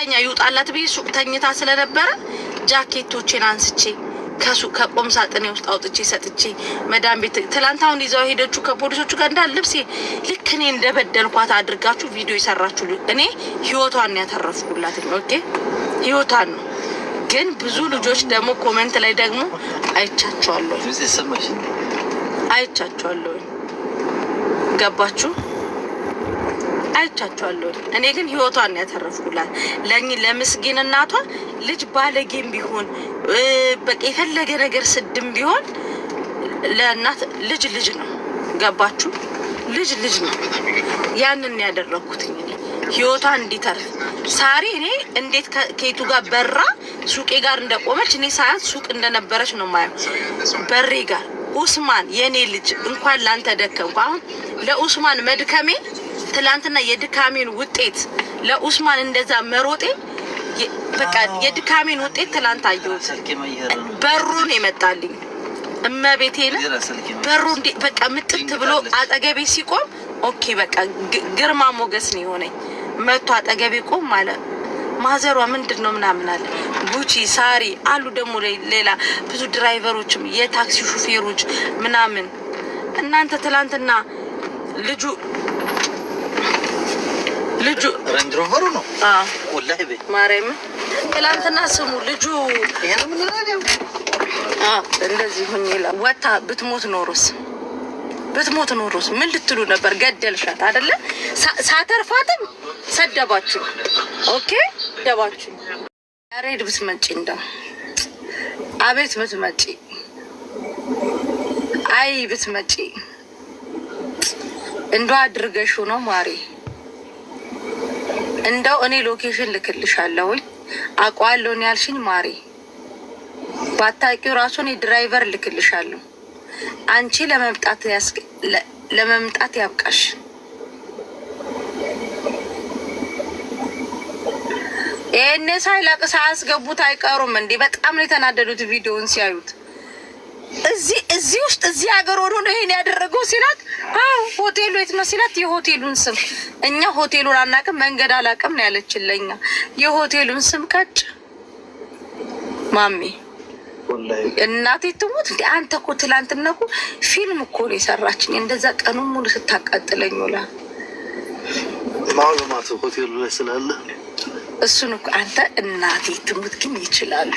ተኛ ይውጣላት ብዬ ሱቅ ተኝታ ስለነበረ ጃኬቶቼን አንስቼ ከሱ ከቆም ሳጥኔ ውስጥ አውጥቼ ሰጥቼ መዳን ቤት ትላንት አሁን ይዘው ሄደችሁ ከፖሊሶቹ ጋር እንዳል ልብሴ ልክ እኔ እንደበደልኳት አድርጋችሁ ቪዲዮ የሰራችሁ እኔ ህይወቷን ያተረፍኩላት ኦኬ ህይወቷን ነው። ግን ብዙ ልጆች ደግሞ ኮመንት ላይ ደግሞ አይቻቸዋለሁ አይቻቸዋለሁ። ገባችሁ? አይቻቸዋለሁ። እኔ ግን ህይወቷን ነው ያተረፍኩላት። ለምስጊን እናቷ ልጅ ባለጌም ቢሆን በቃ የፈለገ ነገር ስድም ቢሆን ለእናት ልጅ ልጅ ነው። ገባችሁ? ልጅ ልጅ ነው። ያንን ያደረግኩት ህይወቷ እንዲተርፍ ሳሪ እኔ እንዴት ከኬቱ ጋር በራ ሱቄ ጋር እንደቆመች እኔ ሳያት ሱቅ እንደነበረች ነው ማየው። በሬ ጋር ኡስማን የእኔ ልጅ እንኳን ላንተ ደከምኩ። አሁን ለኡስማን መድከሜ ትላንትና የድካሜን ውጤት ለኡስማን እንደዛ መሮጤ በቃ የድካሜን ውጤት ትላንት አየሁት። በሩን የመጣልኝ እመቤቴን በሩ እንዴ በቃ ምጥት ብሎ አጠገቤ ሲቆም ኦኬ በቃ ግርማ ሞገስ ነው የሆነኝ። መቶ አጠገቤ ቆም ማለት ማዘሯ ምንድን ነው ምናምን አለ። ጉቺ ሳሪ አሉ ደግሞ ሌላ ብዙ ድራይቨሮችም የታክሲ ሹፌሮች ምናምን እናንተ ትላንትና ልጁ ልጁ ሬንጅ ሮቨሩ ነው። አዎ ወላሂ ቤት ማርያምን ትላንትና ስሙ ልጁ ይሄን ምን ነው እንደዚህ ሆኜ ወታ ብትሞት ኖሮስ ብትሞት ኖሮስ ምን ልትሉ ነበር? ገደልሻት አይደለ? ሳተርፋትም ሰደባችሁ። ኦኬ ሰደባችሁ። ያሬድ ብትመጪ እንደው አቤት ብትመጪ፣ አይ ብትመጪ እንዶ አድርገሽው ነው ማሪ እንደው እኔ ሎኬሽን ልክልሻለሁኝ አውቀዋለሁኝ ያልሽኝ ማሬ ባታቂው ራሱ እኔ ድራይቨር ልክልሻለሁ። አንቺ ለመምጣት ያብቃሽ። ይህኔ ሳይለቅስ አያስገቡት አይቀሩም እንዴ! በጣም ነው የተናደዱት ቪዲዮውን ሲያዩት። እዚህ እዚህ ውስጥ እዚህ ሀገር ሆኖ ነው ይሄን ያደረገው ሲላት፣ አዎ ሆቴሉ የት ነው ሲላት፣ የሆቴሉን ስም እኛ ሆቴሉን አናቅም መንገድ አላቅም ነው ያለችን። ለእኛ የሆቴሉን ስም ቀጭ ማሚ እናቴ ትሙት እንደ አንተ እኮ ትላንትና እኮ ፊልም እኮ ነው የሰራችኝ። እንደዛ ቀኑ ሙሉ ስታቃጥለኝ ውላ ማውለማት ሆቴሉ ላይ ስላለ እሱን እኮ አንተ እናቴ ትሙት ግን ይችላሉ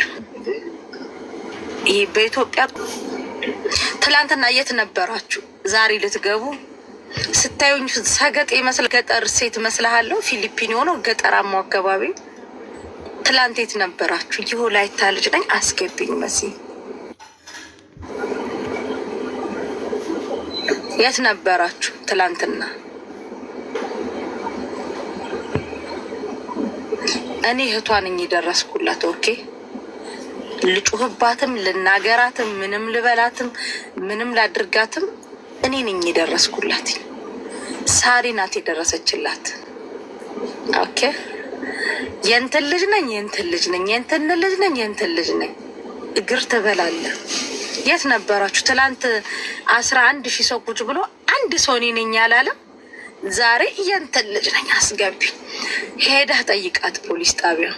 ይህ በኢትዮጵያ ትላንትና የት ነበራችሁ? ዛሬ ልትገቡ ስታዩኝ ሰገጥ ይመስል ገጠር ሴት መስልሃለሁ። ፊሊፒን የሆነው ገጠራማ አካባቢ ትላንት የት ነበራችሁ? ይሁ ላይታ ልጅ ነኝ አስገብኝ መሲ የት ነበራችሁ ትላንትና? እኔ እህቷ ነኝ የደረስኩላት። ኦኬ ልጩህባትም ልናገራትም ምንም ልበላትም ምንም ላድርጋትም እኔ ነኝ የደረስኩላት። ሳሪ ናት የደረሰችላት። ኦኬ የንትን ልጅ ነኝ የንትን ልጅ ነኝ የንትን ልጅ ነኝ የንትን ልጅ ነኝ። እግር ትበላለህ። የት ነበራችሁ ትላንት? አስራ አንድ ሺህ ሰው ቁጭ ብሎ አንድ ሰው እኔ ነኝ አላለም። ዛሬ የንትን ልጅ ነኝ አስገቢ። ሄደህ ጠይቃት ፖሊስ ጣቢያ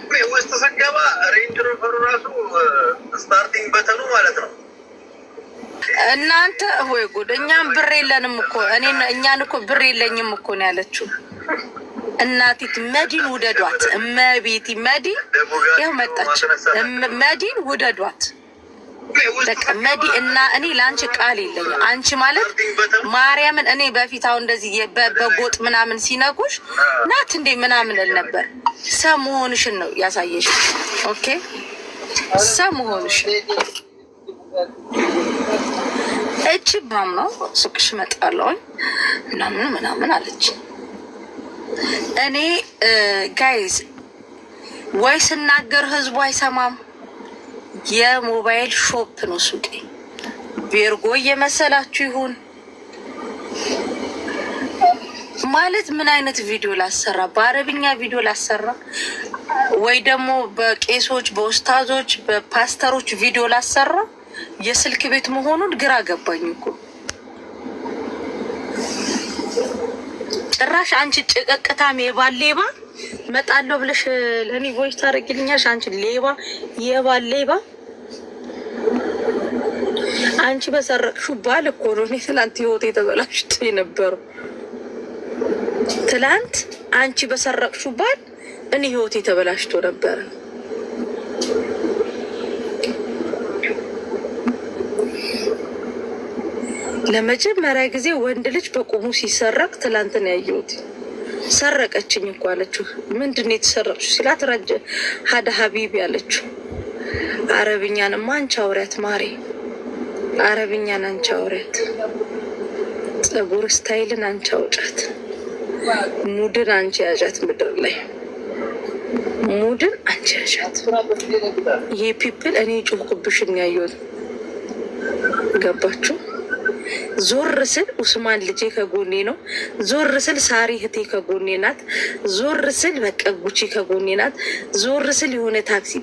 ሰፈሩ ራሱ ስታርቲንግ በተኑ ማለት ነው። እናንተ ወይ ጉድ! እኛም ብር የለንም እኮ እኔ እኛን እኮ ብር የለኝም እኮ ነው ያለችው። እናቲት መዲን ውደዷት፣ እመቤቲ መዲን ያው መጣች። መዲን ውደዷት በቃ መዲ እና እኔ ለአንቺ ቃል የለኝም። አንቺ ማለት ማርያምን እኔ በፊት አሁን እንደዚህ በጎጥ ምናምን ሲነጉሽ ናት እንዴ ምናምን እል ነበር። ሰሞንሽን ነው ያሳየሽ። ኦኬ እዛ መሆንሽ እጅ ባም ነው ሱቅሽ እመጣለሁኝ ምናምን ምናምን አለች። እኔ ጋይዝ ወይ ስናገር ህዝቡ አይሰማም። የሞባይል ሾፕ ነው ሱቄ። ቤርጎ እየመሰላችሁ ይሁን ማለት ምን አይነት ቪዲዮ ላሰራ፣ በአረብኛ ቪዲዮ ላሰራ ወይ ደግሞ በቄሶች በውስታዞች በፓስተሮች ቪዲዮ ላሰራ የስልክ ቤት መሆኑን ግራ ገባኝ እኮ። ጭራሽ አንቺ ጭቀቅታም የባል ሌባ መጣለሁ ብለሽ ለእኔ ቮይስ ታደርግልኛሽ? አንቺ ሌባ የባል ሌባ አንቺ በሰረቅሹ ባል እኮ ነው። እኔ ትላንት ህይወት የተበላሽ የነበረው ትላንት አንቺ በሰረቅሹ ባል እኔ ህይወቴ ተበላሽቶ ነበር። ለመጀመሪያ ጊዜ ወንድ ልጅ በቁሙ ሲሰረቅ ትላንትን ያየሁት። ሰረቀችኝ እኮ አለችው። ምንድን ነው የተሰረቅሽው ሲላት ረጀ ሀደ ሀቢብ ያለችው። አረብኛንማ አንቺ አውሪያት ማሬ፣ አረብኛን አንቺ አውሪያት፣ ጸጉር ስታይልን አንቺ አውጫት፣ ሙድን አንቺ ያዣት ምድር ላይ ሙድን አንቺ ነሻት። ይሄ ፒፕል እኔ ጮኩብሽ የሚያየት ገባችሁ። ዞር ስል ኡስማን ልጄ ከጎኔ ነው። ዞር ስል ሳሪ ህቴ ከጎኔ ናት። ዞር ስል በቃ ጉቺ ከጎኔ ናት። ዞር ስል የሆነ ታክሲ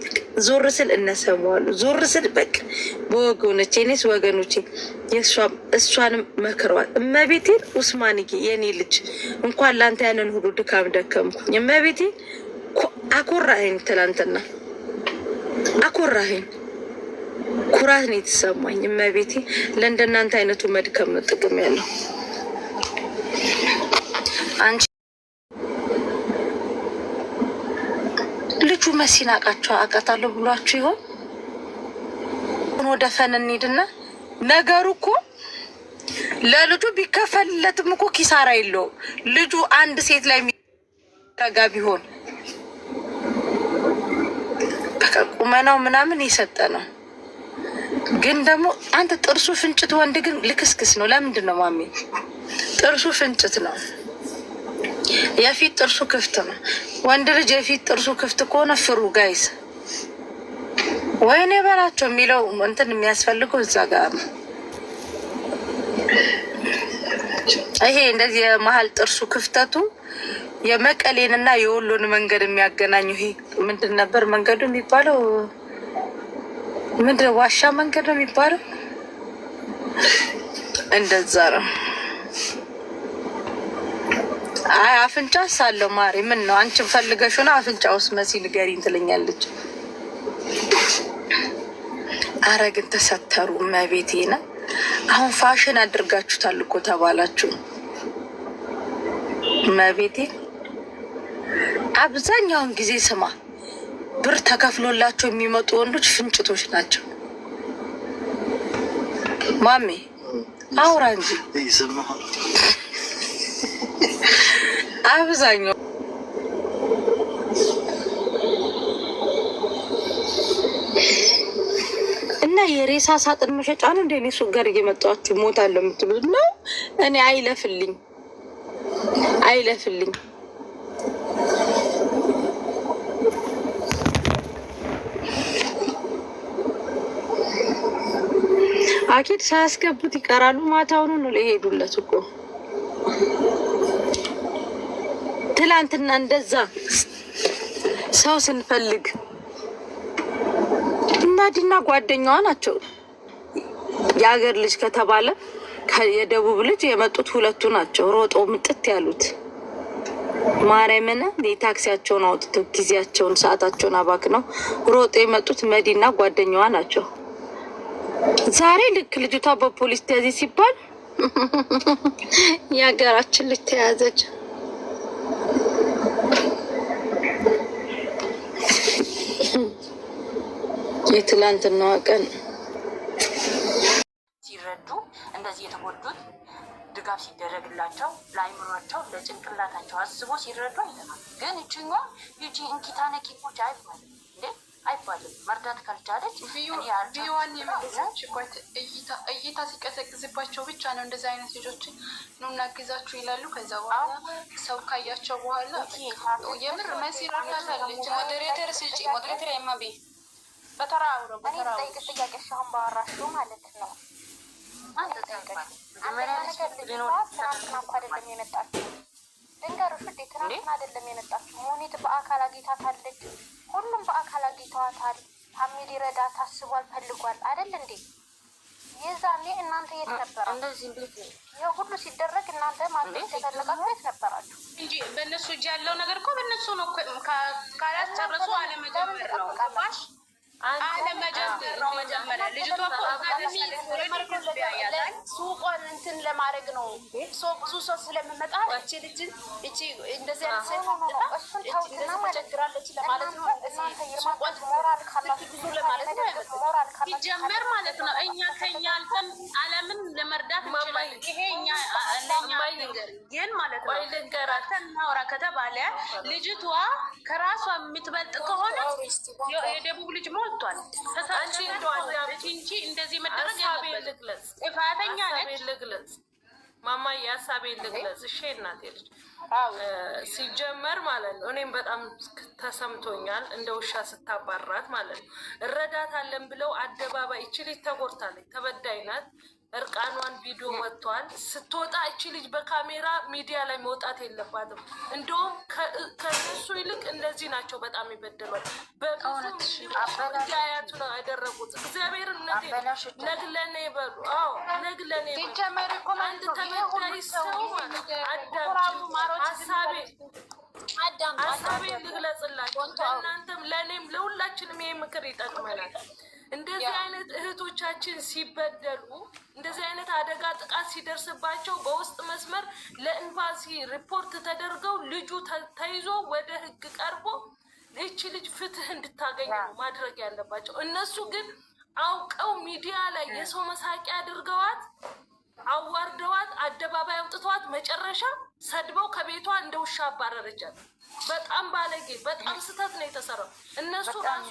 ዞር ስል እነሰማዋሉ። ዞር ስል በቃ በወገኖቼ እኔስ ወገኖቼ እሷንም መክረዋል። እመቤቴን ኡስማንዬ፣ የኔ ልጅ እንኳን ላንተ ያንን ሁሉ ድካም ደከምኩኝ። እመቤቴ አኮራኸኝ። ትላንትና አኮራኸኝ። ኩራት ነው የተሰማኝ። እመቤቴ ለእንደናንተ አይነቱ መድከም ነው ጥቅም ያለው። አንቺ ልጁ መሲን አቃቸው አቃታለሁ ብሏችሁ ይሆን? ወደ ፈን እንሂድና ነገሩ እኮ ለልጁ ቢከፈልለትም እኮ ኪሳራ የለውም። ልጁ አንድ ሴት ላይ የሚረጋ ቢሆን በቃ ቁመናው ምናምን የሰጠ ነው። ግን ደግሞ አንተ ጥርሱ ፍንጭት ወንድ ግን ልክስክስ ነው። ለምንድን ነው ማሚ? ጥርሱ ፍንጭት ነው። የፊት ጥርሱ ክፍት ነው። ወንድ ልጅ የፊት ጥርሱ ክፍት ከሆነ ፍሩ ጋይስ፣ ወይኔ በላቸው የሚለው እንትን የሚያስፈልገው እዛ ጋር ነው። ይሄ እንደዚህ የመሀል ጥርሱ ክፍተቱ የመቀሌን እና የወሎን መንገድ የሚያገናኙ ይሄ ምንድን ነበር መንገዱ የሚባለው? ምንድን ዋሻ መንገድ ነው የሚባለው? እንደዛ ነው። አይ አፍንጫ ሳለው ማሪ፣ ምን ነው አንቺ ፈልገሽ ሆነ አፍንጫ ውስጥ መሲ ንገሪኝ ትለኛለች። አረግን ተሰተሩ መቤቴ ነ አሁን ፋሽን አድርጋችሁታል እኮ ተባላችሁ መቤቴ አብዛኛውን ጊዜ ስማ፣ ብር ተከፍሎላቸው የሚመጡ ወንዶች ፍንጭቶች ናቸው። ማሜ አውራ እንጂ አብዛኛው እና የሬሳ ሳጥን መሸጫ ነው። እንደኔ እኔ ሱቅ ጋር እየመጣችሁ ሞታለሁ የምትሉት ነው። እኔ አይለፍልኝ አይለፍልኝ አኪድ ሳያስገቡት ይቀራሉ። ማታውኑ ነው ለሄዱለት እኮ ትላንትና እንደዛ ሰው ስንፈልግ እናድና ጓደኛዋ ናቸው። የሀገር ልጅ ከተባለ የደቡብ ልጅ የመጡት ሁለቱ ናቸው። ሮጦ ምጥት ያሉት ማርያምን የታክሲያቸውን አውጥተው ጊዜያቸውን ሰዓታቸውን ነው ሮጦ የመጡት መዲና ጓደኛዋ ናቸው። ዛሬ ልክ ልጅቷ በፖሊስ ተያዘች ሲባል የሀገራችን ልጅ ተያዘች። የትላንትናዋ ቀን ሲረዱ እንደዚህ የተጎዱት ድጋፍ ሲደረግላቸው ለአይምሯቸው ለጭንቅላታቸው አስቦ ሲረዱ አይተናል። ግን እችኛ ይቺ እንኪታነኪቦች አይባል አይባልም። መርዳት ካልቻለች ቪዋን የመለሰች እይታ ሲቀሰቅስባቸው ብቻ ነው እንደዚህ አይነት ልጆችን ነው እናግዛችሁ ይላሉ። ከዛ በኋላ ሰው ካያቸው በኋላ የምር መሲ ራታታለች። ሞዴሬተር ስጪ፣ ሞዴሬተር የማቢ በተራ አውረ በተራ ጠይቅ ጥያቄ ሲሆን ባወራሹ ማለት ነው። አንድ ነገር ልጅ ስራ እኮ አይደለም የመጣችው ድንገርሽ እንዴ ትናንትና አይደለም የመጣችው። ሙኒት በአካል አግኝታታለች። ሁሉም በአካል አግኝተዋታል። ሀሚድ ረዳ ታስቧል፣ ፈልጓል አይደል እንዴ? የዛኔ እናንተ የት ነበራ? ሁሉ ሲደረግ እናንተ ማለት ተፈለጋችሁ የት ነበራችሁ? እንጂ በእነሱ እጅ ያለው ነገር እኮ በእነሱ ነው። ካላስጨረሱ አለመጀመር ነው ባሽ ሱቆን እንትን ለማድረግ ነው። ብዙ ሰው ስለምመጣ እቺ ልጅ እቺ እንደዚህ ተቸግራለች ለማለት ነው። ሲጀመር ማለት ነው። እኛ ከኛ አልፈን ለመርዳት ይሄ ማለት ነው እናውራ ከተባለ ልጅቷ ከራሷ የምትበልጥ ከሆነ የደቡብ ልጅ ሞ ወጥቷል። እንደዚህ መደረግ ልግለጽ፣ ጥፋተኛ ነች ማማዬ ልግለጽ። እሺ እናቴ ልጅ ሲጀመር ማለት ነው እኔም በጣም ተሰምቶኛል፣ እንደ ውሻ ስታባራት ማለት ነው። እረዳታለን ብለው አደባባይ እችል ተጎድታለች፣ ተበዳይ ናት እርቃኗን ቪዲዮ ወጥቷል። ስትወጣ እቺ ልጅ በካሜራ ሚዲያ ላይ መውጣት የለባትም። እንደውም ከእነሱ ይልቅ እንደዚህ ናቸው በጣም ይበደሏል። በያያቱ ነው ያደረጉት። እግዚአብሔር ነግለኔ በሉ ነግለኔ አንድ ተበዳይ ሰው ሀሳቤ ሀሳቤ ልግለጽላቸው ለእናንተም ለእኔም ለሁላችንም ይሄ ምክር ይጠቅመናል። እንደዚህ አይነት እህቶቻችን ሲበደሉ እንደዚህ አይነት አደጋ ጥቃት ሲደርስባቸው በውስጥ መስመር ለኤምባሲ ሪፖርት ተደርገው ልጁ ተይዞ ወደ ህግ ቀርቦ ይቺ ልጅ ፍትህ እንድታገኝ ነው ማድረግ ያለባቸው። እነሱ ግን አውቀው ሚዲያ ላይ የሰው መሳቂያ አድርገዋት አዋርደዋት አደባባይ አውጥተዋት መጨረሻ ሰድበው ከቤቷ እንደ ውሻ አባረረቻት። በጣም ባለጌ፣ በጣም ስህተት ነው የተሰራው እነሱ ራሱ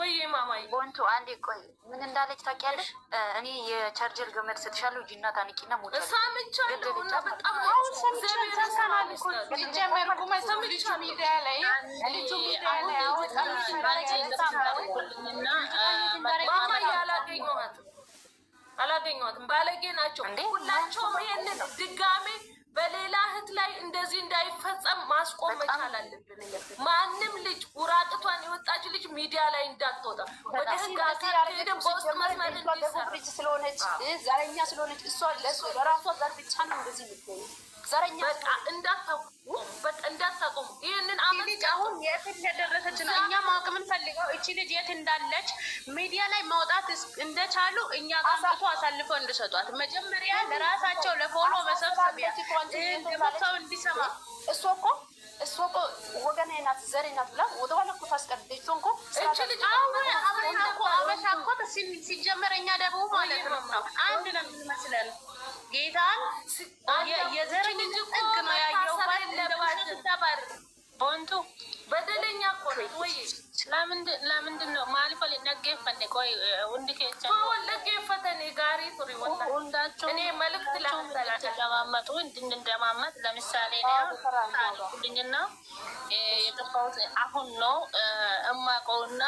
ወይ ማማዬ ቦንቱ አንዴ ቆይ፣ ምን እንዳለች ታውቂያለሽ? እኔ የቻርጀር ገመድ ስትሻለሁ እጅና ታንቂና ሞቻ ሰምቻለሁ። በጣም ሚዲያ ላይ ልጁ ሚዲያ ላይ ባለጌ ናቸው ሁላቸውም። ይሄንን ድጋሜ በሌላ እህት ላይ እንደዚህ እንዳይፈጸም ማስቆም መቻል አለብን። ማንም ልጅ ውራቅቷን የወጣች ልጅ ሚዲያ ላይ እንዳትወጣ ወደ ህግ አካሄድም በውስጥ መስመር ልጅ ስለሆነች ዘረኛ ስለሆነች እሷ ለራሷ ዘር ብቻ ነው እንደዚህ የሚገኙ ዘረኛ እንዳታው እንዳታቆሙ ይህንን አመት አሁን የት እንደደረሰች ነው። እኛ ማወቅ የምንፈልገው እቺ ልጅ የት እንዳለች ሚዲያ ላይ ማውጣት እንደቻሉ እኛ ጋቶ አሳልፈው እንድሰጧት መጀመሪያ ለራሳቸው ለፎሎ መሰብሰቢያ ሰው እንዲሰማ እሱ እኮ እሱ እኮ ወገን ናት ዘሬ ናት ብላ ወደኋላ እኮ ታስቀድች እኮ እቺ ልጅ አሁን አብረን እኮ አበሻ እኮ ሲጀመር እኛ ደቡብ ማለት ነው አንድ ነው የምንመስለን ጌታን የዘረኝነት ጥግ ነው ያየ ቦንቱ በደለኛ እኮ ነው ወይ? ለምንድን ነው ማልፈል ነጌፈን ቆይ ወንድ ኬቻ ነጌፈተን ጋሪ ቱሪ ሁንዳቸው እኔ መልእክት ለማመጡ እንድንደማመጥ ለምሳሌ ሁልኝና የገባሁት አሁን ነው እማቆውና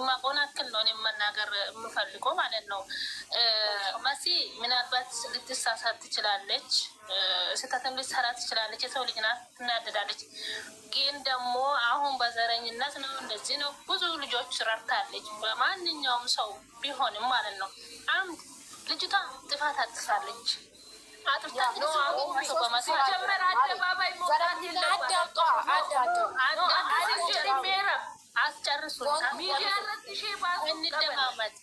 እማቆን አክል ነው መናገር የምፈልገው ማለት ነው። መሲ ምናልባት ልትሳሳት ትችላለች። ስህተትም ልትሰራ ትችላለች። የሰው ልጅ ናት፣ ትናደዳለች። ግን ደግሞ አሁን በዘረኝነት ነው እንደዚህ ነው። ብዙ ልጆች ረድታለች። በማንኛውም ሰው ቢሆንም ማለት ነው። አንድ ልጅቷ ጥፋት አጥፍታለች። አስጨርሱን ሚሊያ እንደማመጥ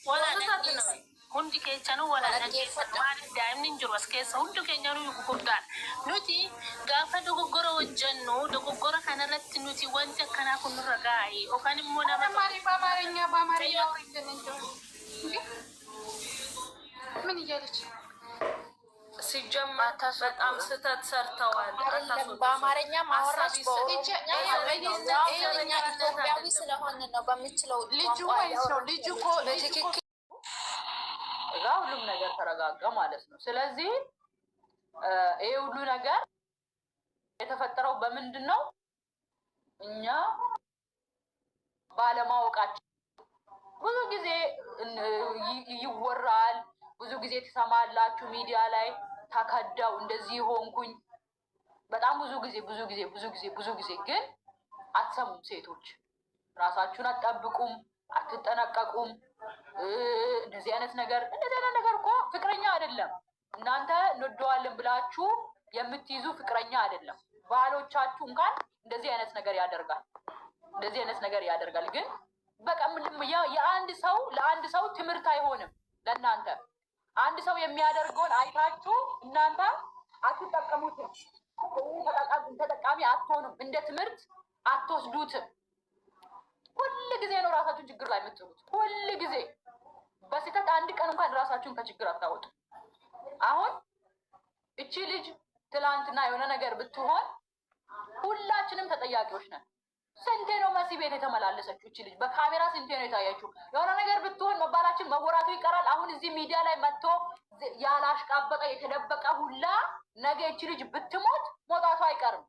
ነው hundi keessanuu walaana keessan maaliif daa'imni hin jiru as keessa hundi keenyanuu gurguddaadha. Nuti gaafa dogoggora hojjennu dogoggora kanarratti nuti wanti akkanaa kun nurra gaa'e yookaan immoo nama. በአማርኛ በአማርኛ ምን እያለች ሲጀመር በጣም ስህተት ሰርተዋል። በአማርኛ ማውራት ኢትዮጵያዊ ስለሆነ ነው በምችለው ልጁ ልጁ እዛ ሁሉም ነገር ተረጋጋ ማለት ነው። ስለዚህ ይሄ ሁሉ ነገር የተፈጠረው በምንድን ነው? እኛ ባለማወቃችን ብዙ ጊዜ ይወራል፣ ብዙ ጊዜ ትሰማላችሁ ሚዲያ ላይ ተከዳው እንደዚህ ሆንኩኝ። በጣም ብዙ ጊዜ ብዙ ጊዜ ብዙ ጊዜ ብዙ ጊዜ ግን አትሰሙም። ሴቶች ራሳችሁን አትጠብቁም፣ አትጠነቀቁም። እንደዚህ አይነት ነገር እንደዚህ አይነት ነገር እኮ ፍቅረኛ አይደለም። እናንተ እንወደዋለን ብላችሁ የምትይዙ ፍቅረኛ አይደለም። ባሎቻችሁ እንኳን እንደዚህ አይነት ነገር ያደርጋል። እንደዚህ አይነት ነገር ያደርጋል። ግን በቃ የአንድ ሰው ለአንድ ሰው ትምህርት አይሆንም ለእናንተ። አንድ ሰው የሚያደርገውን አይታችሁ እናንተ አትጠቀሙትም፣ ተጠቃሚ አትሆኑም፣ እንደ ትምህርት አትወስዱትም። ሁል ጊዜ ነው ራሳችሁን ችግር ላይ የምትሉት። ሁል ጊዜ በስህተት አንድ ቀን እንኳን ራሳችሁን ከችግር አታወጡ። አሁን እቺ ልጅ ትላንትና የሆነ ነገር ብትሆን ሁላችንም ተጠያቂዎች ነን። ስንቴ ነው መሲ ቤት የተመላለሰችው? እቺ ልጅ በካሜራ ስንቴ ነው የታየችው? የሆነ ነገር ብትሆን መባላችን መወራቱ ይቀራል። አሁን እዚህ ሚዲያ ላይ መጥቶ ያላሽቃበጠ የተደበቀ ሁላ ነገ እቺ ልጅ ብትሞት መውጣቱ አይቀርም፣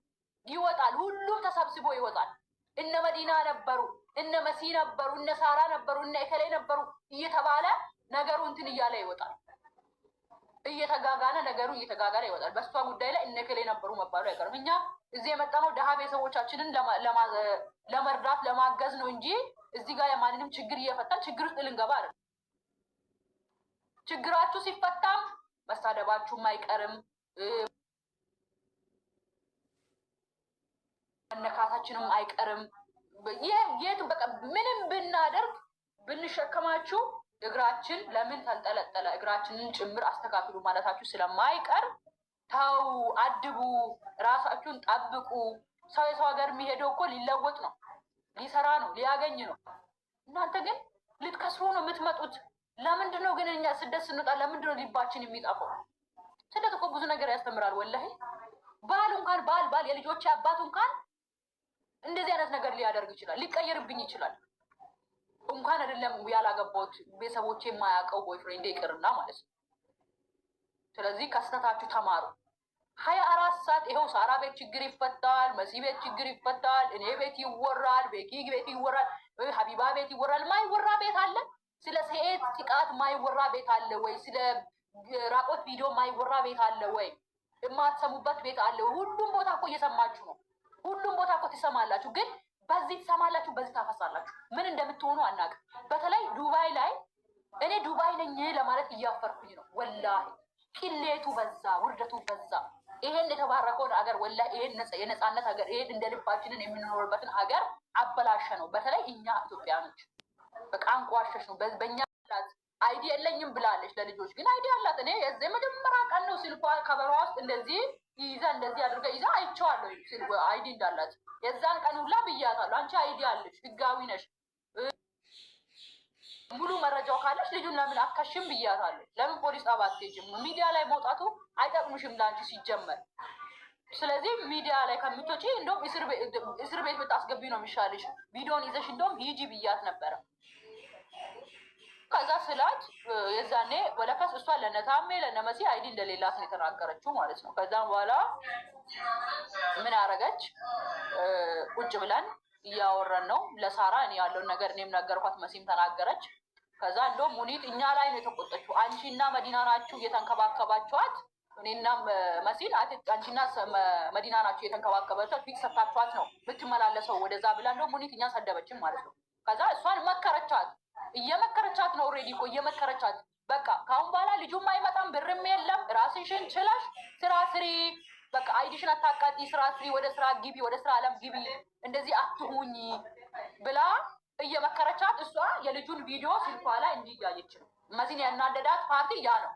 ይወጣል። ሁሉም ተሰብስቦ ይወጣል። እነ መዲና ነበሩ እነ መሲ ነበሩ፣ እነ ሳራ ነበሩ፣ እነ እከሌ ነበሩ እየተባለ ነገሩ እንትን እያለ ይወጣል። እየተጋጋለ ነገሩ እየተጋጋለ ይወጣል። በእሷ ጉዳይ ላይ እነ እከሌ ነበሩ መባሉ አይቀርም። እኛ እዚህ የመጣ ነው ደሀ ቤተሰቦቻችንን ለመርዳት ለማገዝ ነው እንጂ እዚህ ጋር የማንንም ችግር እየፈታን ችግር ውስጥ ልንገባ አይደል። ችግራችሁ ሲፈታም መሳደባችሁም አይቀርም መነካታችንም አይቀርም። የት በቃ ምንም ብናደርግ ብንሸከማችሁ እግራችን ለምን ተንጠለጠለ እግራችንን ጭምር አስተካክሉ ማለታችሁ ስለማይቀር ተው፣ አድቡ፣ ራሳችሁን ጠብቁ። ሰው የሰው ሀገር የሚሄደው እኮ ሊለወጥ ነው፣ ሊሰራ ነው፣ ሊያገኝ ነው። እናንተ ግን ልትከስሩ ነው የምትመጡት። ለምንድን ነው ግን እኛ ስደት ስንወጣ ለምንድን ነው ልባችን የሚጠፋው? ስደት እኮ ብዙ ነገር ያስተምራል። ወላሂ ባል እንኳን ባል ባል የልጆች አባት እንኳን እንደዚህ አይነት ነገር ሊያደርግ ይችላል፣ ሊቀየርብኝ ይችላል። እንኳን አይደለም ያላገባት ቤተሰቦች የማያውቀው ቦይፍሬንድ ይቅርና ማለት ነው። ስለዚህ ከስተታችሁ ተማሩ። ሀያ አራት ሰዓት ይኸው ሳራ ቤት ችግር ይፈታል፣ መሲ ቤት ችግር ይፈታል፣ እኔ ቤት ይወራል፣ ቤኪ ቤት ይወራል፣ ሀቢባ ቤት ይወራል። ማይወራ ቤት አለ? ስለ ሴት ጥቃት ማይወራ ቤት አለ ወይ? ስለ ራቆት ቪዲዮ ማይወራ ቤት አለ ወይ? የማትሰሙበት ቤት አለ? ሁሉም ቦታ እኮ እየሰማችሁ ነው። ሁሉም ቦታ እኮ ትሰማላችሁ፣ ግን በዚህ ትሰማላችሁ፣ በዚህ ታፈሳላችሁ። ምን እንደምትሆኑ አናውቅም። በተለይ ዱባይ ላይ እኔ ዱባይ ነኝ ለማለት እያፈርኩኝ ነው። ወላሂ ቅሌቱ በዛ፣ ውርደቱ በዛ። ይሄን የተባረከውን ሀገር ወላሂ ይሄን የነፃነት ሀገር ይሄን እንደ ልባችንን የምንኖርበትን ሀገር አበላሸ ነው። በተለይ እኛ ኢትዮጵያኖች በቃ አንቋሸሽ ነው። በኛ ላት አይዲ የለኝም ብላለች ለልጆች ግን አይዲ አላት። እኔ የዚህ መጀመሪያ ቀን ነው ስልኳ ከበሯ ውስጥ እንደዚህ ይዛ እንደዚህ አድርጋ ይዛ አይቼዋለሁ። ስልክ አይዲ እንዳላት የዛን ቀን ሁላ ብያታለሁ። አንቺ አይዲ አለሽ፣ ህጋዊ ነሽ፣ ሙሉ መረጃው ካለሽ ልጁን ለምን አካሽም ብያታለሁ። ለምን ፖሊስ ጣቢያ አትሄጂም? ሚዲያ ላይ መውጣቱ አይጠቅምሽም ለአንቺ ሲጀመር። ስለዚህ ሚዲያ ላይ ከምትወጪ እንደውም እስር ቤት ብታስገቢ ነው የሚሻልሽ። ቪዲዮን ይዘሽ እንደውም ሂጂ ብያት ነበረ። ከዛ ስላት የዛኔ ወለፈስ እሷ ለነታሜ ለነመሲ አይዲ እንደሌላት ነው የተናገረችው ማለት ነው። ከዛም በኋላ ምን አረገች? ቁጭ ብለን እያወረን ነው ለሳራ እኔ ያለውን ነገር እኔም ነገርኳት፣ መሲም ተናገረች። ከዛ እንደውም ሙኒት እኛ ላይ ነው የተቆጠችው። አንቺ እና መዲና ናችሁ እየተንከባከባችኋት እኔና መሲል አንቺና መዲና ናችሁ እየተንከባከባችኋት ፊት ሰታችኋት ነው የምትመላለሰው ወደዛ ብላ እንደውም ሙኒት እኛ ሰደበችን ማለት ነው። ከዛ እሷን መከረቻት እየመከረቻት ነው። ኦልሬዲ እኮ እየመከረቻት በቃ ከአሁን በኋላ ልጁም አይመጣም፣ ብርም የለም። ራስሽን ችለሽ ስራ ስሪ። በቃ አይዲሽን አታቃጢ፣ ስራ ስሪ፣ ወደ ስራ ግቢ፣ ወደ ስራ አለም ግቢ፣ እንደዚህ አትሁኝ ብላ እየመከረቻት እሷ የልጁን ቪዲዮ ስልኳ ላይ እንዲህ እያየች ነው። መሲን ያናደዳት ፓርቲ ያ ነው።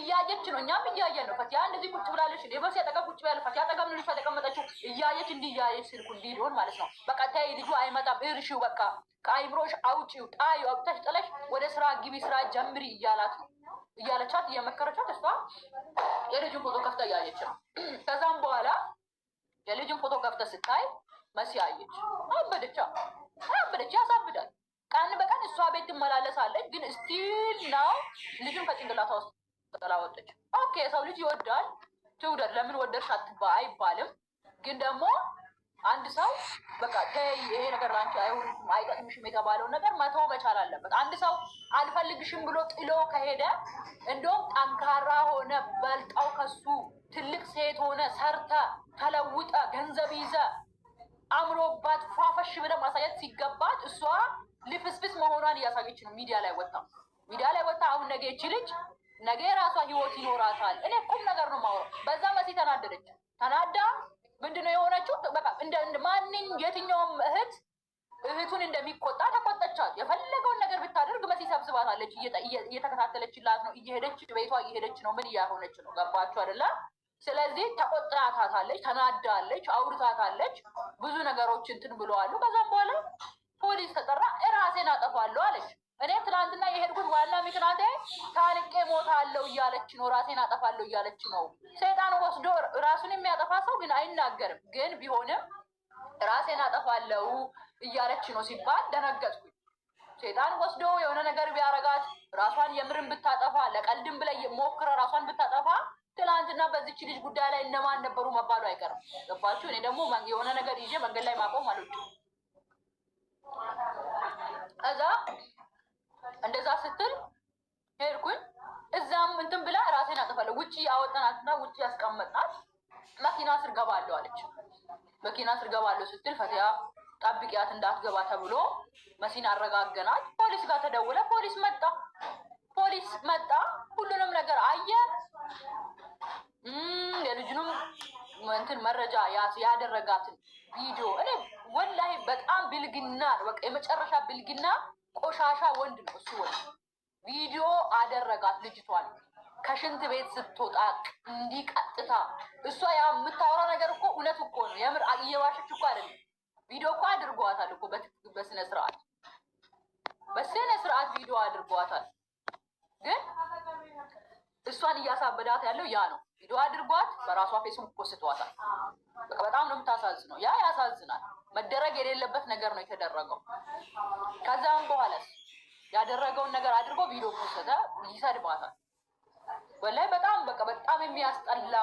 እያየች ነው። እኛም እያየን ነው። ፈቲያ እንደዚህ ቁጭ ብላለች። ሌበስ ያጠቀብ ቁጭ ያለፋት ያጠቀብ ልጅ ተቀመጠችው እያየች እንዲህ እያየች ስልኩ እንዲህ ሊሆን ማለት ነው። በቃ ተይ ልጁ አይመጣም፣ እርሺው፣ በቃ ከአይምሮሽ አውጪው፣ ጣዩ አውጥተሽ ጥለሽ ወደ ስራ ግቢ፣ ስራ ጀምሪ እያላት እያለቻት እየመከረቻት፣ እሷ የልጁን ፎቶ ከፍተ እያየች ነው። ከዛም በኋላ የልጅን ፎቶ ከፍተ ስታይ መሲ አየች። አበደቻ፣ አበደች። ያሳብዳል። ቀን በቀን እሷ ቤት ትመላለሳለች፣ ግን ስቲል ነው ልጁን ከጭንቅላቷ ውስጥ ጥላ ኦኬ የሰው ልጅ ይወዳል፣ ትውደድ። ለምን ወደድሽ አትባ አይባልም። ግን ደግሞ አንድ ሰው በቃ ይሄ ነገር ላንቺ አይሆንም አይጠቅምሽም የተባለውን ነገር መተው መቻል አለበት። አንድ ሰው አልፈልግሽም ብሎ ጥሎ ከሄደ እንደውም ጠንካራ ሆነ በልጣው ከሱ ትልቅ ሴት ሆነ ሰርተ ተለውጠ ገንዘብ ይዘ አምሮባት ፏፈሽ ብለ ማሳየት ሲገባት እሷ ልፍስፍስ መሆኗን እያሳየች ነው። ሚዲያ ላይ ወጣ ሚዲያ ላይ ወጣ አሁን ነገ ልጅ ነገ የራሷ ህይወት ይኖራታል። እኔ ቁም ነገር ነው የማወራው። በዛ መሲ ተናደደች። ተናዳ ምንድነው የሆነችው? በቃ ማንኝ የትኛውም እህት እህቱን እንደሚቆጣ ተቆጠቻል። የፈለገውን ነገር ብታደርግ መሲ ሰብስባታለች። እየተከታተለችላት ነው፣ እየሄደች ቤቷ እየሄደች ነው። ምን እያሆነች ነው? ገባችሁ አይደለ? ስለዚህ ተቆጥራታታለች፣ ተናዳለች፣ አውርታታለች። ብዙ ነገሮች እንትን ብለዋሉ። ከዛም በኋላ ፖሊስ ተጠራ። እራሴን አጠፋለሁ አለች። ትናንትና የሄድኩት ዋና ምክንያቴ ታንቄ ሞታለሁ እያለች ነው፣ ራሴን አጠፋለሁ እያለች ነው። ሰይጣን ወስዶ ራሱን የሚያጠፋ ሰው ግን አይናገርም። ግን ቢሆንም ራሴን አጠፋለሁ እያለች ነው ሲባል ደነገጥኩኝ። ሴጣን ወስዶ የሆነ ነገር ቢያረጋት ራሷን የምርን ብታጠፋ ለቀልድም ብለ ሞክረ ራሷን ብታጠፋ ትናንትና በዚች ልጅ ጉዳይ ላይ እነማን ነበሩ መባሉ አይቀርም። ገባችሁ? እኔ ደግሞ የሆነ ነገር ይዤ መንገድ ላይ ማቆም አልወድም። እዛ እንደዛ ስትል ሄድኩኝ። እዛም እንትን ብላ ራሴን አጠፋለሁ። ውጭ አወጠናትና ውጭ ያስቀመጥናት መኪና ስር ገባለሁ አለች። መኪና ስር ገባለሁ ስትል ፈቲያ ጠብቂያት እንዳትገባ ተብሎ መሲን አረጋገናት። ፖሊስ ጋር ተደውለ ፖሊስ መጣ። ፖሊስ መጣ፣ ሁሉንም ነገር አየ። የልጅኑም እንትን መረጃ ያስ ያደረጋትን ቪዲዮ እኔ ወላሂ በጣም ብልግና በቃ የመጨረሻ ብልግና ቆሻሻ ወንድ ነው እሱ። ወንድ ቪዲዮ አደረጋት ልጅቷን ከሽንት ቤት ስትወጣ እንዲህ ቀጥታ። እሷ ያ የምታወራው ነገር እኮ እውነት እኮ ነው። የምር እየዋሸች እኮ አይደለም። ቪዲዮ እኮ አድርጓታል እኮ በስነ ስርዓት በስነ ስርዓት ቪዲዮ አድርጓታል። ግን እሷን እያሳበዳት ያለው ያ ነው። ቪዲዮ አድርጓት በራሷ ፌስቡክ ወስቷታል። በቃ በጣም ነው የምታሳዝነው። ያ ያሳዝናል። መደረግ የሌለበት ነገር ነው የተደረገው። ከዛ ያደረገውን ነገር አድርጎ ቪዲዮ ወሰደ፣ ይሰድባታል። ወላሂ በጣም በቃ በጣም የሚያስጠላ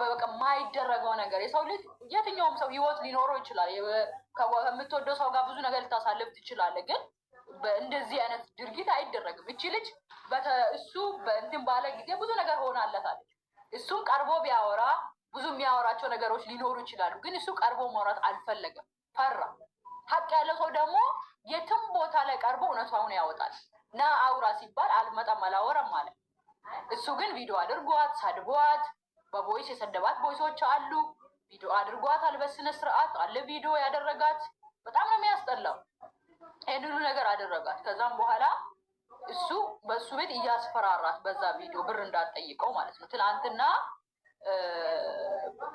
በቃ የማይደረገው ነገር። የሰው ልጅ የትኛውም ሰው ህይወት ሊኖረው ይችላል። ከምትወደው ሰው ጋር ብዙ ነገር ልታሳልፍ ትችላለ ግን እንደዚህ አይነት ድርጊት አይደረግም። እቺ ልጅ እሱ በእንትን ባለ ጊዜ ብዙ ነገር ሆናለታለች። እሱም ቀርቦ ቢያወራ ብዙ የሚያወራቸው ነገሮች ሊኖሩ ይችላሉ፣ ግን እሱ ቀርቦ ማውራት አልፈለገም፣ ፈራ። ሀቅ ያለው ሰው ደግሞ የትም ቦታ ላይ ቀርቦ እውነቷን ያወጣል። ና አውራ ሲባል አልመጣም አላወራም ማለት እሱ ግን ቪዲዮ አድርጓት ሳድቧት፣ በቦይስ የሰደባት ቦይሶች አሉ። ቪዲዮ አድርጓት አልበስነ ስርዓት አለ ቪዲዮ ያደረጋት በጣም ነው የሚያስጠላው። ይህን ነገር አደረጋት። ከዛም በኋላ እሱ በእሱ ቤት እያስፈራራት በዛ ቪዲዮ ብር እንዳትጠይቀው ማለት ነው። ትናንትና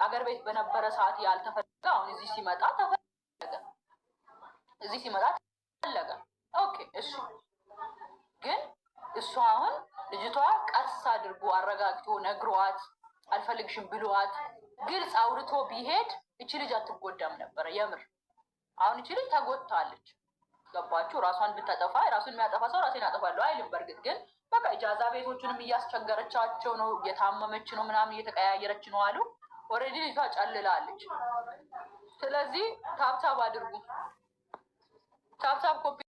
አገር ቤት በነበረ ሰዓት ያልተፈለገ አሁን እዚህ ሲመጣ ተፈለገ። እዚህ ሲመጣ ፈለገ ኦኬ፣ እሺ። ግን እሱ አሁን ልጅቷ ቀስ አድርጎ አረጋግቶ ነግሯት አልፈልግሽም ብሏት ግልጽ አውርቶ ቢሄድ እቺ ልጅ አትጎዳም ነበረ። የምር አሁን እቺ ልጅ ተጎድታለች። ገባችሁ? ራሷን ብታጠፋ ራሱን የሚያጠፋ ሰው ራሴን አጠፋለሁ አይልም። በእርግጥ ግን በቃ ኢጃዛ ቤቶቹንም እያስቸገረቻቸው ነው፣ እየታመመች ነው፣ ምናምን እየተቀያየረች ነው አሉ። ኦልሬዲ ልጅቷ ጨልላለች። ስለዚህ ታብታብ አድርጉ። साफ साफ कॉपी